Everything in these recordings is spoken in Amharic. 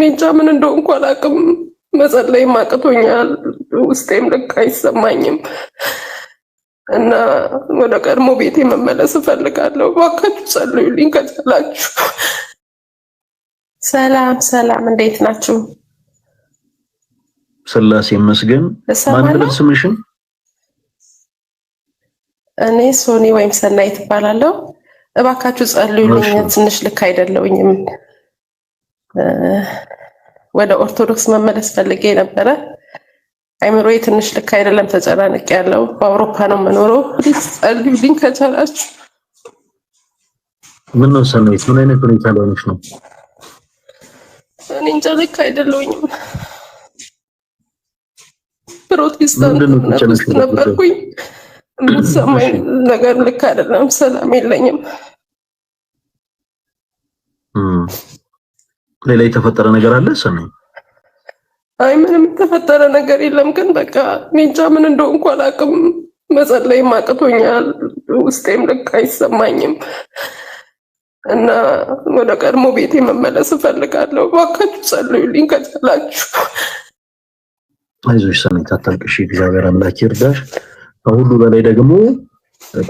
ሜንቻ ምን እንደው እንኳን አቅም አቅቶኛል። ውስጤም ልክ አይሰማኝም እና ወደ ቀድሞ ቤቴ መመለስ እፈልጋለሁ። እባካችሁ ጸልዩልኝ ከቻላችሁ። ሰላም ሰላም፣ እንዴት ናችሁ? ስላሴ መስገን ማን ነው ስምሽን? እኔ ሶኒ ወይም ሰላይ ትባላለሁ እባካችሁ ጸልዩልኝ፣ ትንሽ ልክ አይደለውኝም። ወደ ኦርቶዶክስ መመለስ ፈልጌ ነበረ። አይምሮ ትንሽ ልክ አይደለም፣ ተጨናንቅ ያለው በአውሮፓ ነው የምኖረው። ጸልዩልኝ ከቻላችሁ። ምን ነው ሰሜት፣ ምን አይነት ሁኔታ ላይ ነው? እኔ እንጃ ልክ አይደለሁኝም። ፕሮቴስታንት ነበርኩኝ። የምትሰማኝ ነገር ልክ አይደለም። ሰላም የለኝም። ሌላ የተፈጠረ ነገር አለ ሰሚ? አይ ምንም የተፈጠረ ነገር የለም። ግን በቃ ሜንጫ ምን እንደው እንኳን አላውቅም። መጸለይ አቅቶኛል። ውስጤም ልክ አይሰማኝም እና ወደ ቀድሞ ቤቴ መመለስ እፈልጋለሁ። እባካችሁ ጸልዩልኝ ከቻላችሁ። አይዞሽ ሰሜት አታልቅሽ፣ እግዚአብሔር አምላክ ይርዳሽ። ከሁሉ በላይ ደግሞ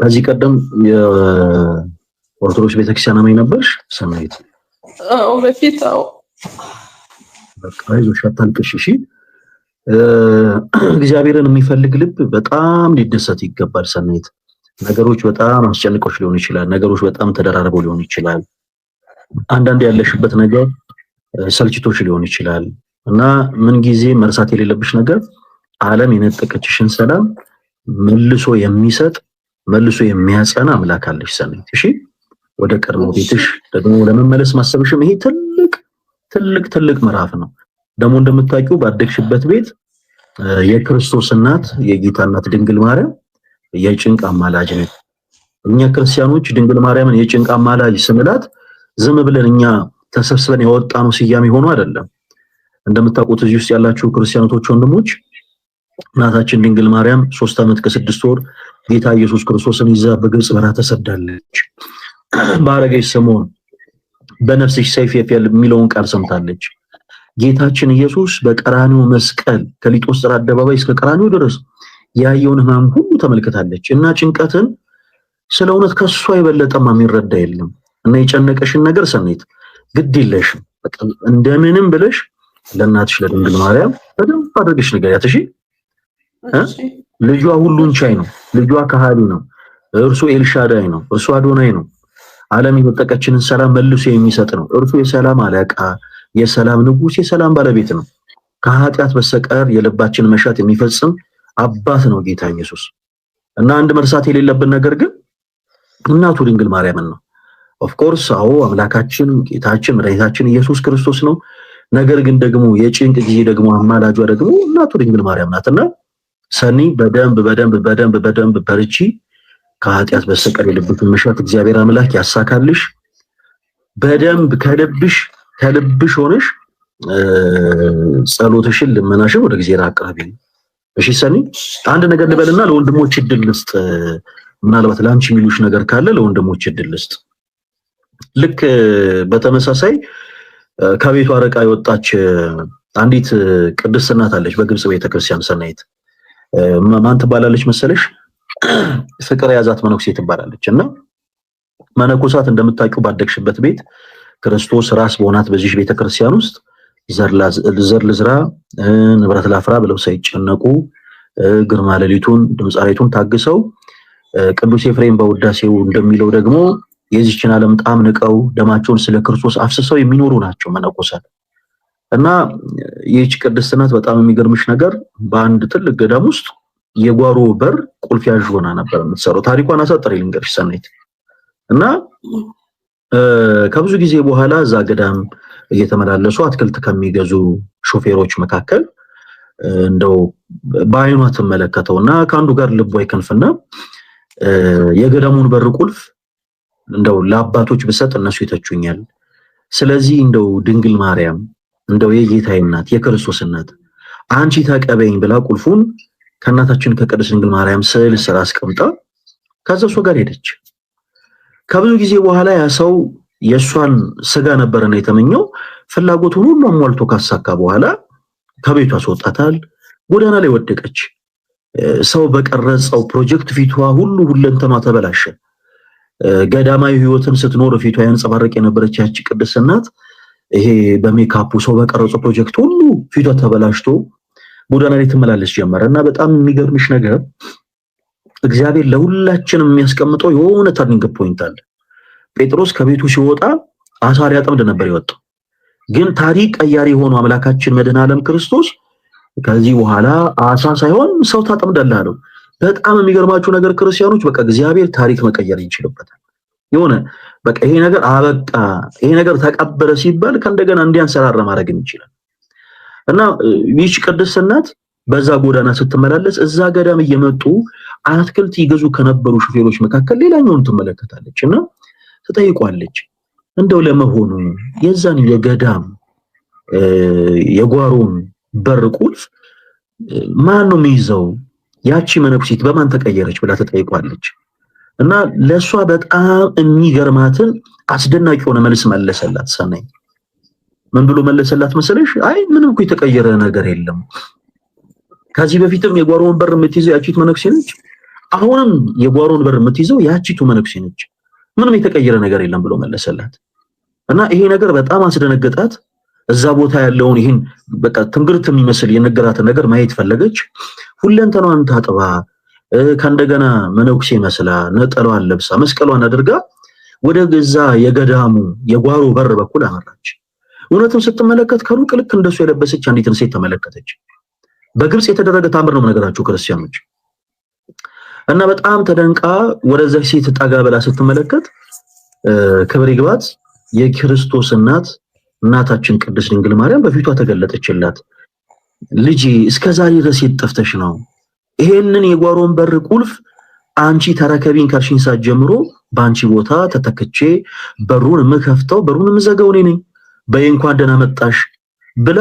ከዚህ ቀደም የኦርቶዶክስ ቤተክርስቲያን አማኝ ነበርሽ ሰሜት? አዎ በፊት አዎ በቃ አይዞሽ አታልቅሽ፣ እሺ። እግዚአብሔርን የሚፈልግ ልብ በጣም ሊደሰት ይገባል። ሰናይት፣ ነገሮች በጣም አስጨንቆች ሊሆን ይችላል። ነገሮች በጣም ተደራርበው ሊሆን ይችላል። አንዳንድ ያለሽበት ነገር ሰልችቶች ሊሆን ይችላል እና ምንጊዜ መርሳት የሌለብሽ ነገር ዓለም የነጠቀችሽን ሰላም መልሶ የሚሰጥ መልሶ የሚያጸና አምላክ አለሽ ሰናይት። እሺ፣ ወደ ቀድሞ ቤትሽ ደግሞ ለመመለስ ማሰብሽም ይሄ ትልቅ ትልቅ ትልቅ ምዕራፍ ነው። ደግሞ እንደምታውቂው ባደግሽበት ቤት የክርስቶስ እናት የጌታ እናት ድንግል ማርያም የጭንቅ አማላጅ ነው። እኛ ክርስቲያኖች ድንግል ማርያምን የጭንቅ አማላጅ ስንላት ዝም ብለን እኛ ተሰብስበን ነው ስያሜ ሆኖ አይደለም። እንደምታውቁት እዚህ ውስጥ ያላችሁ ክርስቲያኖቶች ወንድሞች እናታችን ድንግል ማርያም ሶስት ዓመት ከስድስት ወር ጌታ ኢየሱስ ክርስቶስን ይዛ በግብፅ በረሃ ተሰዳለች። በአረገች ሰሞን በነፍስሽ ሰይፍ የፍየል የሚለውን ቃል ሰምታለች። ጌታችን ኢየሱስ በቀራኒው መስቀል ከሊጦስ ጥር አደባባይ እስከ ቀራኒው ድረስ ያየውን ህማም ሁሉ ተመልክታለች እና ጭንቀትን ስለ እውነት ከሷ የበለጠማ የሚረዳ የለም እና የጨነቀሽን ነገር ሰኔት ግድ የለሽም እንደምንም ብለሽ ለእናትሽ ለድንግል ማርያም በደንብ አድርገሽ ንገሪያት። እሺ ልጇ ሁሉን ቻይ ነው። ልጇ ከሃሊ ነው። እርሱ ኤልሻዳይ ነው። እርሱ አዶናይ ነው። ዓለም የወጠቀችንን ሰላም መልሶ የሚሰጥ ነው። እርሱ የሰላም አለቃ፣ የሰላም ንጉስ የሰላም ባለቤት ነው። ከኃጢአት በስተቀር የልባችን መሻት የሚፈጽም አባት ነው ጌታ ኢየሱስ። እና አንድ መርሳት የሌለብን ነገር ግን እናቱ ድንግል ማርያምን ነው። ኦፍኮርስ አዎ አምላካችን ጌታችን መድኃኒታችን ኢየሱስ ክርስቶስ ነው። ነገር ግን ደግሞ የጭንቅ ጊዜ ደግሞ አማላጇ ደግሞ እናቱ ድንግል ማርያም ናትና ሰኒ በደንብ በደንብ በደንብ በደንብ በርቺ ከኃጢአት በስተቀር የልብሽን መሻት እግዚአብሔር አምላክ ያሳካልሽ። በደንብ ከልብሽ ከልብሽ ሆነሽ ጸሎትሽን ልመናሽን ወደ እግዚአብሔር አቅርቢ። እሺ ሰኒ፣ አንድ ነገር ልበልና ለወንድሞች እድል ልስጥ። ምናልባት ለአንቺ የሚሉሽ ነገር ካለ ለወንድሞች እድል ልስጥ። ልክ በተመሳሳይ ከቤቷ አረቃ የወጣች አንዲት ቅድስት እናት አለች በግብፅ ቤተክርስቲያን። ሰናይት ማን ትባላለች መሰለሽ? ፍቅር የያዛት መነኩሴ ትባላለች እና መነኮሳት እንደምታውቂው ባደግሽበት ቤት ክርስቶስ ራስ በሆናት በዚህ ቤተክርስቲያን ውስጥ ዘር ልዝራ ንብረት ላፍራ ብለው ሳይጨነቁ ግርማ ሌሊቱን ድምፃሬቱን ታግሰው ቅዱስ ኤፍሬም በውዳሴው እንደሚለው ደግሞ የዚችን ዓለም ጣም ንቀው ደማቸውን ስለ ክርስቶስ አፍስሰው የሚኖሩ ናቸው መነኮሳት። እና ይህች ቅድስት ናት። በጣም የሚገርምሽ ነገር በአንድ ትልቅ ገዳም ውስጥ የጓሮ በር ቁልፍ ያዥ ሆና ነበር የምትሰራው። ታሪኳን አሳጥሬ ልንገርሽ ሰናይት። እና ከብዙ ጊዜ በኋላ እዛ ገዳም እየተመላለሱ አትክልት ከሚገዙ ሾፌሮች መካከል እንደው በአይኗ ትመለከተው እና ከአንዱ ጋር ልቧ ይከንፍና የገዳሙን በር ቁልፍ እንደው ለአባቶች ብሰጥ እነሱ ይተቹኛል። ስለዚህ እንደው ድንግል ማርያም እንደው የጌታዬ እናት የክርስቶስ እናት አንቺ ተቀበይኝ ብላ ቁልፉን ከእናታችን ከቅድስት ድንግል ማርያም ስዕል ስር አስቀምጣ ከዛ ሰው ጋር ሄደች። ከብዙ ጊዜ በኋላ ያ ሰው የእሷን ስጋ ነበር ነው የተመኘው። ፍላጎቱን ሁሉ አሟልቶ ካሳካ በኋላ ከቤቷ አስወጣታል። ጎዳና ላይ ወደቀች። ሰው በቀረጸው ፕሮጀክት ፊቷ ሁሉ ሁለንተኗ ተበላሸ። ገዳማዊ ህይወትን ስትኖር ፊቷ ያንጸባረቅ የነበረች ያቺ ቅድስት እናት ይሄ በሜካፑ ሰው በቀረጸው ፕሮጀክት ሁሉ ፊቷ ተበላሽቶ ጎዳና ላይ ትመላለስ ጀመረ እና በጣም የሚገርምሽ ነገር እግዚአብሔር ለሁላችንም የሚያስቀምጠው የሆነ ተርኒንግ ፖይንት አለ። ጴጥሮስ ከቤቱ ሲወጣ አሳ ሊያጠምድ ነበር የወጣው። ግን ታሪክ ቀያሪ የሆነው አምላካችን መድኃኔ ዓለም ክርስቶስ ከዚህ በኋላ አሳ ሳይሆን ሰው ታጠምዳለህ አለው። በጣም የሚገርማችሁ ነገር ክርስቲያኖች፣ በቃ እግዚአብሔር ታሪክ መቀየር ይችልበታል። የሆነ በቃ ይሄ ነገር አበቃ፣ ይሄ ነገር ተቀበረ ሲባል ከእንደገና እንዲያንሰራራ ማድረግም ይችላል። እና ይህች ቅድስት እናት በዛ ጎዳና ስትመላለስ እዛ ገዳም እየመጡ አትክልት ይገዙ ከነበሩ ሹፌሮች መካከል ሌላኛውን ትመለከታለች እና ትጠይቋለች። እንደው ለመሆኑ የዛን የገዳም የጓሮን በር ቁልፍ ማን ነው የሚይዘው? ያቺ መነኩሴት በማን ተቀየረች ብላ ትጠይቋለች። እና ለእሷ በጣም የሚገርማትን አስደናቂ የሆነ መልስ መለሰላት ሰናይ። ምን ብሎ መለሰላት መሰለሽ? አይ ምንም እኮ የተቀየረ ነገር የለም። ከዚህ በፊትም የጓሮውን በር የምትይዘው ያቺቱ መነኩሴ ነች፣ አሁንም የጓሮውን በር የምትይዘው ያቺቱ መነኩሴ ነች። ምንም የተቀየረ ነገር የለም ብሎ መለሰላት እና ይሄ ነገር በጣም አስደነገጣት። እዛ ቦታ ያለውን ይህን በቃ ትንግርት የሚመስል የነገራትን ነገር ማየት ፈለገች። ሁለንተኗን ታጥባ ከእንደገና መነኩሴ መስላ ነጠሏን ለብሳ መስቀሏን አድርጋ ወደ ገዛ የገዳሙ የጓሮ በር በኩል አመራች። እውነትም ስትመለከት ከሩቅ ልክ እንደሱ የለበሰች አንዲትን ሴት ተመለከተች። በግብፅ የተደረገ ታምር ነው ነገራቸው ክርስቲያኖች። እና በጣም ተደንቃ ወደዚህ ሴት ጠጋ ብላ ስትመለከት ክብር ይግባት የክርስቶስ እናት እናታችን ቅድስት ድንግል ማርያም በፊቷ ተገለጠችላት። ልጄ እስከ ዛሬ ድረስ የት ጠፍተሽ ነው? ይሄንን የጓሮን በር ቁልፍ አንቺ ተረከቢን ከርሽን ሰዓት ጀምሮ በአንቺ ቦታ ተተክቼ በሩን የምከፍተው በሩን የምዘጋው እኔ ነኝ። በይ እንኳን ደህና መጣሽ ብላ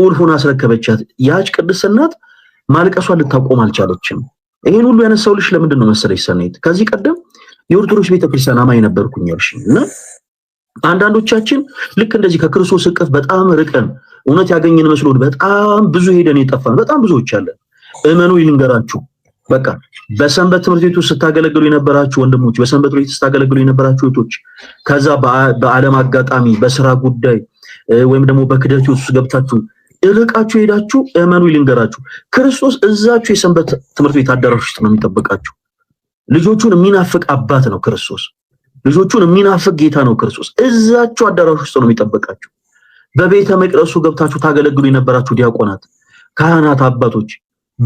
ቁልፉን አስረከበቻት። ያች ቅድስት እናት ማልቀሷን ልታቆም አልቻለችም። ይህን ሁሉ ያነሳሁልሽ ለምንድን ነው መሰለሽ ሰናይት፣ ከዚህ ቀደም የኦርቶዶክስ ቤተክርስቲያን አማኝ ነበርኩኝ አልሽኝ እና አንዳንዶቻችን ልክ እንደዚህ ከክርስቶስ እቅፍ በጣም ርቀን እውነት ያገኘን መስሎን በጣም ብዙ ሄደን የጠፋን በጣም ብዙዎች አለን። እመኑ ይልንገራችሁ በቃ በሰንበት ትምህርት ቤቱ ስታገለግሉ የነበራችሁ ወንድሞች፣ በሰንበት ቤት ስታገለግሉ የነበራችሁ እህቶች፣ ከዛ በዓለም አጋጣሚ በስራ ጉዳይ ወይም ደግሞ በክደት ውስጥ ገብታችሁ እርቃችሁ ሄዳችሁ እመኑ ይልንገራችሁ፣ ክርስቶስ እዛችሁ የሰንበት ትምህርት ቤት አዳራሽ ውስጥ ነው የሚጠብቃችሁ። ልጆቹን የሚናፍቅ አባት ነው ክርስቶስ። ልጆቹን የሚናፍቅ ጌታ ነው ክርስቶስ። እዛችሁ አዳራሽ ውስጥ ነው የሚጠብቃችሁ። በቤተ መቅደሱ ገብታችሁ ታገለግሉ የነበራችሁ ዲያቆናት፣ ካህናት፣ አባቶች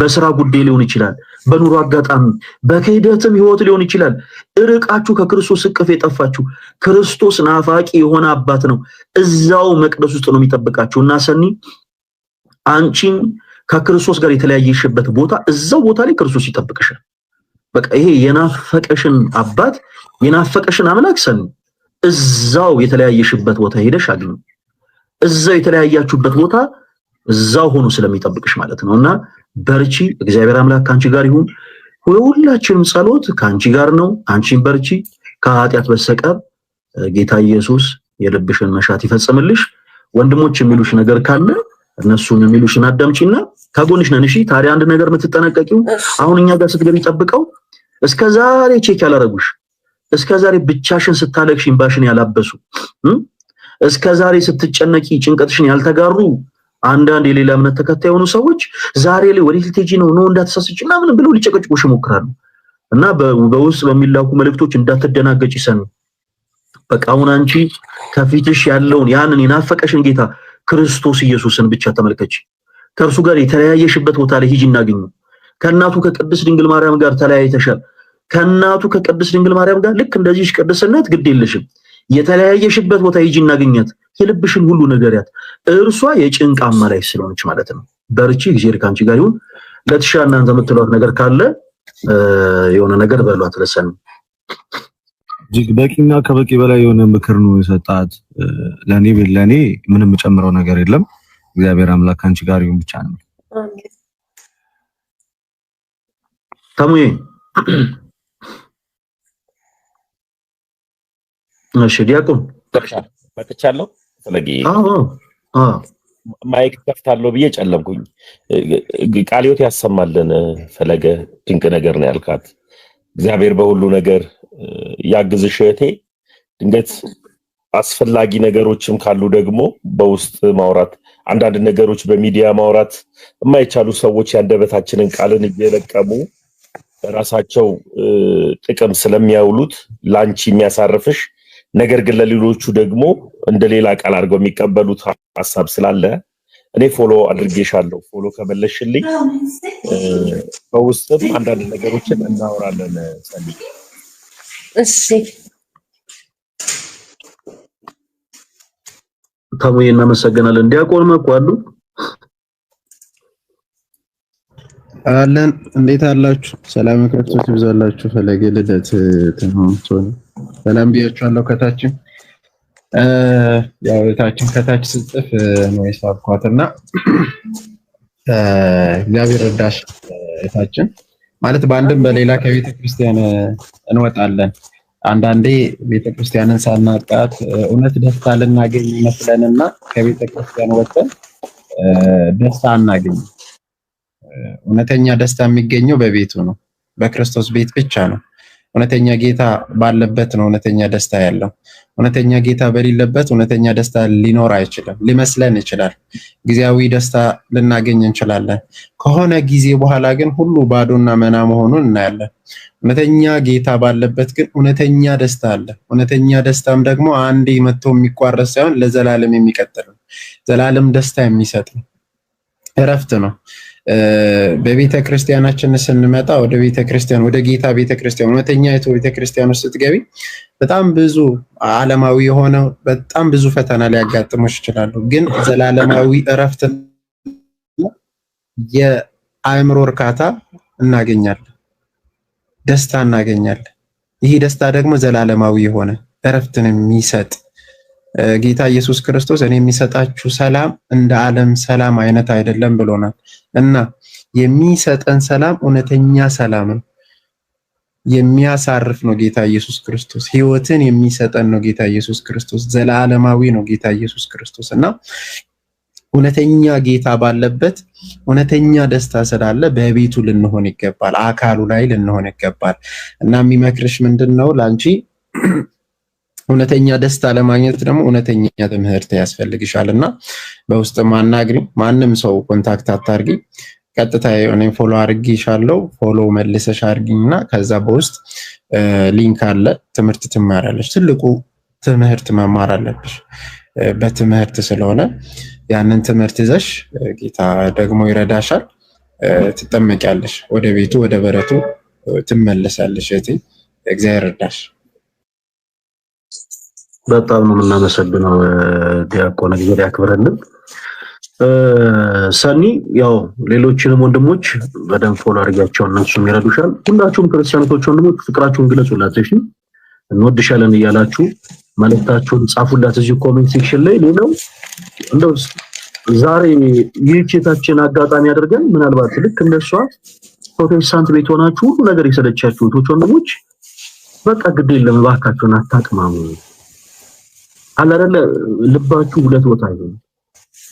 በስራ ጉዳይ ሊሆን ይችላል፣ በኑሮ አጋጣሚ፣ በክህደትም ህይወት ሊሆን ይችላል። እርቃችሁ ከክርስቶስ እቅፍ የጠፋችሁ ክርስቶስ ናፋቂ የሆነ አባት ነው። እዛው መቅደስ ውስጥ ነው የሚጠብቃችሁ እና ሰኒ አንቺን ከክርስቶስ ጋር የተለያየሽበት ቦታ እዛው ቦታ ላይ ክርስቶስ ይጠብቅሻል። በቃ ይሄ የናፈቀሽን አባት የናፈቀሽን አምላክ ሰኒ እዛው የተለያየሽበት ቦታ ሄደሽ አግኝ። እዛው የተለያያችሁበት ቦታ እዛው ሆኖ ስለሚጠብቅሽ ማለት ነው እና በርቺ፣ እግዚአብሔር አምላክ ከአንቺ ጋር ይሁን። የሁላችንም ጸሎት ከአንቺ ጋር ነው። አንቺን በርቺ፣ ከኃጢአት በስተቀር ጌታ ኢየሱስ የልብሽን መሻት ይፈጽምልሽ። ወንድሞች የሚሉሽ ነገር ካለ እነሱን የሚሉሽን አዳምጪና ከጎንሽ ነን። እሺ ታዲያ አንድ ነገር የምትጠነቀቂው አሁን እኛ ጋር ስትገቢ ጠብቀው እስከ ዛሬ ቼክ ያላረጉሽ እስከ ዛሬ ብቻሽን ስታለቅሽ እንባሽን ያላበሱ እስከ ዛሬ ስትጨነቂ ጭንቀትሽን ያልተጋሩ አንዳንድ የሌላ እምነት ተከታይ የሆኑ ሰዎች ዛሬ ላይ ወዴት ሂልቴጂ ነው ኖ እንዳትሳስች ምናምን ብለው ሊጨቀጭቁሽ ይሞክራሉ። እና በውስጥ በሚላኩ መልእክቶች እንዳትደናገጭ ይሰኑ በቃ አሁን አንቺ ከፊትሽ ያለውን ያንን የናፈቀሽን ጌታ ክርስቶስ ኢየሱስን ብቻ ተመልከች። ከእርሱ ጋር የተለያየሽበት ቦታ ላይ ሂጂ እናገኙ። ከእናቱ ከቅድስት ድንግል ማርያም ጋር ተለያይተሻል። ከእናቱ ከቅድስት ድንግል ማርያም ጋር ልክ እንደዚህ ቅድስነት ግድ የለሽም። የተለያየሽበት ቦታ ሂጂ እናገኛት፣ የልብሽን ሁሉ ንገሪያት። እርሷ የጭንቅ አማላይ ስለሆነች ማለት ነው። በርቺ፣ እግዚአብሔር ከአንቺ ጋር ይሁን። ለትሻ እናንተ የምትሏት ነገር ካለ የሆነ ነገር በሏት። ለሰን እጅግ በቂና ከበቂ በላይ የሆነ ምክር ነው የሰጣት። ለእኔ ለእኔ ምንም የጨምረው ነገር የለም። እግዚአብሔር አምላክ ከአንቺ ጋር ይሁን ብቻ ነው። ተሙዬ እሺ ዲያቆን መጥቻለሁ። ማይክ ከፍታለሁ ብዬ ጨለምኩኝ። ቃሊዮት ያሰማልን። ፈለገ ድንቅ ነገር ነው ያልካት እግዚአብሔር በሁሉ ነገር ያግዝሽ እህቴ። ድንገት አስፈላጊ ነገሮችም ካሉ ደግሞ በውስጥ ማውራት፣ አንዳንድ ነገሮች በሚዲያ ማውራት የማይቻሉ ሰዎች ያንደበታችንን ቃልን እየለቀሙ ራሳቸው ጥቅም ስለሚያውሉት ለአንቺ የሚያሳርፍሽ ነገር ግን ለሌሎቹ ደግሞ እንደ ሌላ ቃል አድርገው የሚቀበሉት ሀሳብ ስላለ እኔ ፎሎ አድርጌሻለሁ፣ ፎሎ ከመለሽልኝ በውስጥም አንዳንድ ነገሮችን እናወራለን። ጸልይ እሺ። ታሙዬ እናመሰግናለን። ዲያቆን መኩ አሉ አለን። እንዴት አላችሁ? ሰላም ክርስቶስ ይብዛላችሁ። ፈለገ ልደት ተሆንቶን ሰላም ብያችኋለሁ። ከታችን ያው ታችን ከታች ስጽፍ ነው የሳብኳት እና እግዚአብሔር ረዳሽ የታችን ማለት በአንድም በሌላ ከቤተ ክርስቲያን እንወጣለን። አንዳንዴ ቤተ ክርስቲያንን ሳናጣት እውነት ደስታ ልናገኝ ይመስለንና ከቤተ ክርስቲያን ወጥተን ደስታ አናገኝም። እውነተኛ ደስታ የሚገኘው በቤቱ ነው፣ በክርስቶስ ቤት ብቻ ነው። እውነተኛ ጌታ ባለበት ነው እውነተኛ ደስታ ያለው። እውነተኛ ጌታ በሌለበት እውነተኛ ደስታ ሊኖር አይችልም። ሊመስለን ይችላል፣ ጊዜያዊ ደስታ ልናገኝ እንችላለን። ከሆነ ጊዜ በኋላ ግን ሁሉ ባዶና መና መሆኑን እናያለን። እውነተኛ ጌታ ባለበት ግን እውነተኛ ደስታ አለ። እውነተኛ ደስታም ደግሞ አንዴ መጥቶ የሚቋረስ ሳይሆን ለዘላለም የሚቀጥል ነው። ዘላለም ደስታ የሚሰጥ ነው፣ እረፍት ነው። በቤተ ክርስቲያናችን ስንመጣ ወደ ቤተ ክርስቲያን ወደ ጌታ ቤተ ክርስቲያን እውነተኛ የቱ ቤተ ክርስቲያን ውስጥ ስትገቢ በጣም ብዙ ዓለማዊ የሆነ በጣም ብዙ ፈተና ሊያጋጥሞች ይችላሉ። ግን ዘላለማዊ እረፍት የአእምሮ እርካታ እናገኛለን፣ ደስታ እናገኛለን። ይህ ደስታ ደግሞ ዘላለማዊ የሆነ እረፍትን የሚሰጥ ጌታ ኢየሱስ ክርስቶስ እኔ የሚሰጣችሁ ሰላም እንደ ዓለም ሰላም አይነት አይደለም ብሎናል እና የሚሰጠን ሰላም እውነተኛ ሰላም ነው። የሚያሳርፍ ነው ጌታ ኢየሱስ ክርስቶስ። ህይወትን የሚሰጠን ነው ጌታ ኢየሱስ ክርስቶስ። ዘላለማዊ ነው ጌታ ኢየሱስ ክርስቶስ እና እውነተኛ ጌታ ባለበት እውነተኛ ደስታ ስላለ በቤቱ ልንሆን ይገባል። አካሉ ላይ ልንሆን ይገባል እና የሚመክርሽ ምንድን ነው ለአንቺ እውነተኛ ደስታ ለማግኘት ደግሞ እውነተኛ ትምህርት ያስፈልግሻል እና በውስጥ ማናግሪ። ማንም ሰው ኮንታክት አታርጊ። ቀጥታ የሆነ ፎሎ አርጊሻለው ፎሎ መልሰሽ አርጊኝ እና ከዛ በውስጥ ሊንክ አለ። ትምህርት ትማራለች። ትልቁ ትምህርት መማር አለብሽ በትምህርት ስለሆነ ያንን ትምህርት ይዘሽ ጌታ ደግሞ ይረዳሻል። ትጠመቂያለሽ። ወደ ቤቱ ወደ በረቱ ትመለሳለሽ። እህቴ እግዚአብሔር ይርዳሽ። በጣም ነው የምናመሰግነው ዲያቆን፣ እግዚአብሔር ያክብረልን። ሰኒ ያው ሌሎችንም ወንድሞች በደንብ ፎሎ አድርጊያቸው፣ እነሱም ይረዱሻል። ሁላችሁም ክርስቲያኖቶች ወንድሞች ፍቅራችሁን ግለጹላት፣ እሺ። እንወድሻለን እያላችሁ መልእክታችሁን ጻፉላት እዚሁ ኮሜንት ሴክሽን ላይ። ሌላው እንደው ዛሬ ይህችታችን አጋጣሚ አድርገን ምናልባት ልክ እንደሷ ፕሮቴስታንት ቤት ሆናችሁ ሁሉ ነገር የሰለቻችሁ እህቶች ወንድሞች፣ በቃ ግድ የለም እባካችሁን አታቅማሙ። አለ አይደለ ልባችሁ ሁለት ቦታ ይሁን።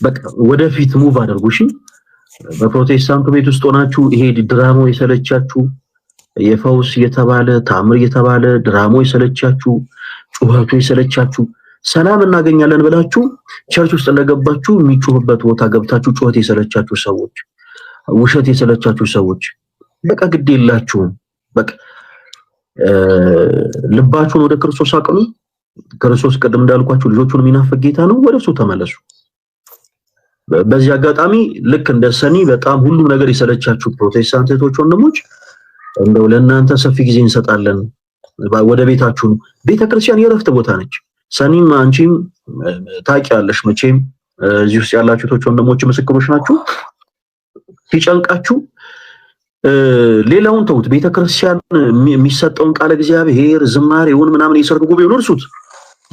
በቃ ወደፊት ሙቭ አድርጉ። እሺ በፕሮቴስታንቱ ቤት ውስጥ ሆናችሁ ይሄ ድራማው የሰለቻችሁ የፈውስ እየተባለ ታምር እየተባለ ድራማው የሰለቻችሁ ጩኸቱ የሰለቻችሁ ሰላም እናገኛለን ብላችሁ ቸርች ውስጥ ለገባችሁ የሚጮህበት ቦታ ገብታችሁ ጩኸት የሰለቻችሁ ሰዎች፣ ውሸት የሰለቻችሁ ሰዎች በቃ ግድ የላችሁም። በቃ ልባችሁን ወደ ክርስቶስ አቅኑ። ክርስቶስ ቅድም እንዳልኳችሁ ልጆቹን የሚናፍቅ ጌታ ነው። ወደ እሱ ተመለሱ። በዚህ አጋጣሚ ልክ እንደ ሰኒ በጣም ሁሉም ነገር የሰለቻችሁ ፕሮቴስታንት እህቶች፣ ወንድሞች እንደው ለእናንተ ሰፊ ጊዜ እንሰጣለን። ወደ ቤታችሁ ነው። ክርስቲያን የረፍት ቦታ ነች። ሰኒም አንቺም ታውቂያለሽ መቼም እዚህ ውስጥ ያላችሁ እህቶች፣ ወንድሞች ምስክሮች ናችሁ። ሲጨንቃችሁ ሌላውን ተውት። ቤተክርስቲያን የሚሰጠውን ቃለ እግዚአብሔር ዝማሬውን ምናምን የሰርግ ጉባኤውን እርሱት።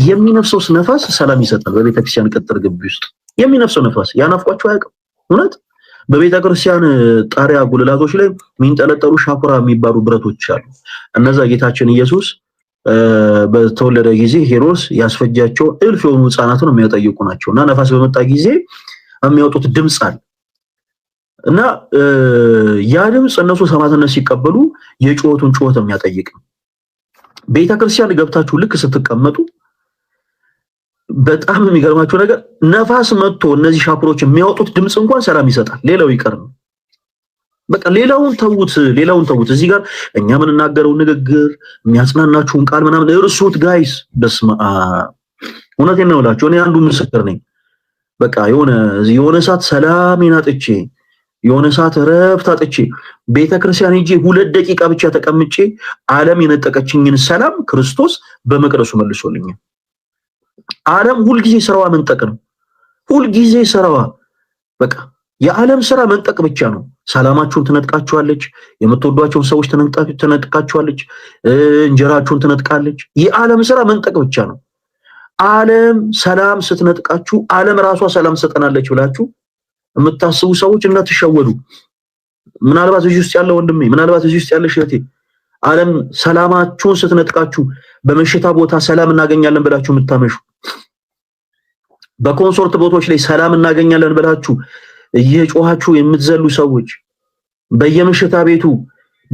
የሚነፍሰውስ ነፋስ ሰላም ይሰጣል። በቤተክርስቲያን ቅጥር ግቢ ውስጥ የሚነፍሰው ነፋስ ያናፍቋቸው አያውቅም። እውነት በቤተክርስቲያን ጣሪያ ጉልላቶች ላይ የሚንጠለጠሉ ሻኩራ የሚባሉ ብረቶች አሉ። እነዛ ጌታችን ኢየሱስ በተወለደ ጊዜ ሄሮድስ ያስፈጃቸው እልፍ የሆኑ ሕፃናትን የሚያጠይቁ ናቸው እና ነፋስ በመጣ ጊዜ የሚያወጡት ድምፅ አለ እና ያ ድምፅ እነሱ ሰማዕትነት ሲቀበሉ የጩኸቱን ጩኸት የሚያጠይቅ ቤተ ክርስቲያን ገብታችሁ ልክ ስትቀመጡ በጣም የሚገርማችሁ ነገር ነፋስ መጥቶ እነዚህ ሻፕሮች የሚያወጡት ድምፅ እንኳን ሰላም ይሰጣል። ሌላው ይቀር ነው። በቃ ሌላውን ተዉት፣ ሌላውን ተዉት። እዚህ ጋር እኛ የምንናገረው ንግግር፣ የሚያጽናናችሁን ቃል ምናምን እርሱት ጋይስ። በስመ አብ እውነቴን ነው እላችሁ፣ እኔ አንዱ ምስክር ነኝ። በቃ የሆነ የሆነ ሰዓት ሰላም ይናጥቼ የሆነ ሰዓት እረፍት አጥቼ ቤተ ክርስቲያን ሄጄ ሁለት ደቂቃ ብቻ ተቀምጬ ዓለም የነጠቀችኝን ሰላም ክርስቶስ በመቅደሱ መልሶልኛል። ዓለም ሁልጊዜ ስራዋ መንጠቅ ነው። ሁልጊዜ ስራዋ በቃ የዓለም ስራ መንጠቅ ብቻ ነው። ሰላማችሁን ትነጥቃችኋለች፣ የምትወዷቸውን ሰዎች ትነጥቃችኋለች፣ እንጀራችሁን ትነጥቃለች። የዓለም ስራ መንጠቅ ብቻ ነው። ዓለም ሰላም ስትነጥቃችሁ ዓለም ራሷ ሰላም ትሰጠናለች ብላችሁ የምታስቡ ሰዎች እንዳትሸወዱ። ምናልባት እዚህ ውስጥ ያለ ወንድሜ፣ ምናልባት እዚህ ውስጥ ያለ እህቴ ዓለም ሰላማችሁን ስትነጥቃችሁ በመሸታ ቦታ ሰላም እናገኛለን ብላችሁ የምታመሹ በኮንሶርት ቦታዎች ላይ ሰላም እናገኛለን ብላችሁ እየጮኋችሁ የምትዘሉ ሰዎች በየምሽታ ቤቱ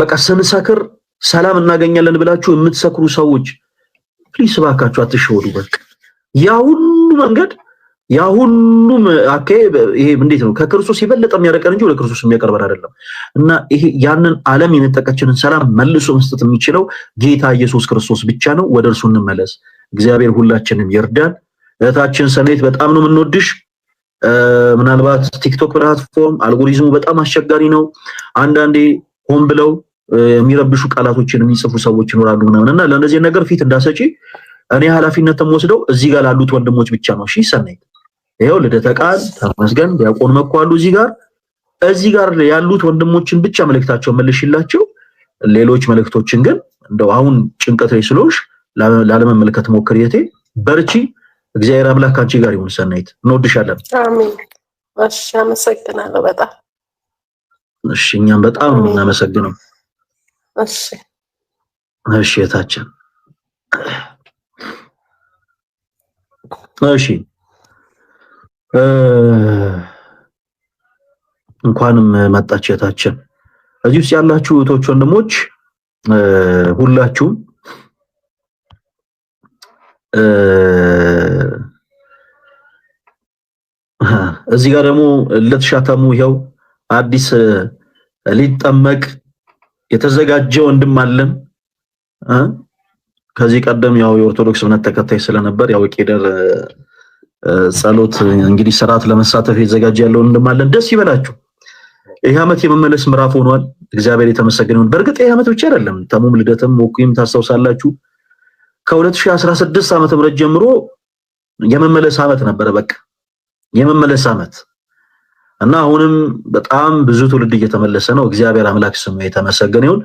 በቃ ስንሰክር ሰላም እናገኛለን ብላችሁ የምትሰክሩ ሰዎች ፕሊስ እባካችሁ አትሸወዱ። በቃ ያ ሁሉ መንገድ ያ ሁሉም አካሄድ ይሄ እንዴት ነው? ከክርስቶስ የበለጠ የሚያረቀን እንጂ ወደ ክርስቶስ የሚያቀርበን አይደለም። እና ይሄ ያንን ዓለም የነጠቀችንን ሰላም መልሶ መስጠት የሚችለው ጌታ ኢየሱስ ክርስቶስ ብቻ ነው። ወደ እርሱ እንመለስ። እግዚአብሔር ሁላችንም ይርዳን። እህታችን ሰናይት በጣም ነው የምንወድሽ። ምናልባት ቲክቶክ ፕላትፎርም አልጎሪዝሙ በጣም አስቸጋሪ ነው። አንዳንዴ ሆን ብለው የሚረብሹ ቃላቶችን የሚጽፉ ሰዎች ይኖራሉ ምናምን እና ለእነዚህ ነገር ፊት እንዳሰጪ እኔ ኃላፊነት ወስደው እዚህ ጋር ላሉት ወንድሞች ብቻ ነው። እሺ ሰናይት ይኸው ልደተ ቃል ተመስገን፣ ዲያቆን መኩ አሉ እዚህ ጋር እዚህ ጋር ያሉት ወንድሞችን ብቻ መልእክታቸው መልሽላቸው። ሌሎች መልእክቶችን ግን እንደው አሁን ጭንቀት ላይ ስለሆንሽ ላለመመልከት ሞክር። የቴ በርቺ፣ እግዚአብሔር አምላክ ከአንቺ ጋር ይሁን። ሰናይት እንወድሻለን። አሜን። አመሰግናለሁ በጣም እሺ። እኛም በጣም ነው የምናመሰግነው። እሺ፣ እሺ፣ የታችን እሺ እንኳንም መጣች እህታችን። እዚህ ውስጥ ያላችሁ እህቶች ወንድሞች ሁላችሁም እዚህ ጋር ደግሞ ለተሻተሙ ይኸው አዲስ ሊጠመቅ የተዘጋጀ ወንድም አለን። ከዚህ ቀደም ያው የኦርቶዶክስ እምነት ተከታይ ስለነበር ያው ቄደር ጸሎት እንግዲህ ስርዓት ለመሳተፍ የተዘጋጀ ያለውን እንደማለን ደስ ይበላችሁ። ይህ ዓመት የመመለስ ምዕራፍ ሆኗል። እግዚአብሔር የተመሰገነ ሆን በእርግጥ ይህ ዓመት ብቻ አይደለም። ተሙም ልደትም ወኩም ታስታውሳላችሁ። ከ2016 ዓመተ ምህረት ጀምሮ የመመለስ ዓመት ነበረ። በቃ የመመለስ ዓመት እና አሁንም በጣም ብዙ ትውልድ እየተመለሰ ነው። እግዚአብሔር አምላክ ስሙ የተመሰገነ ይሁን።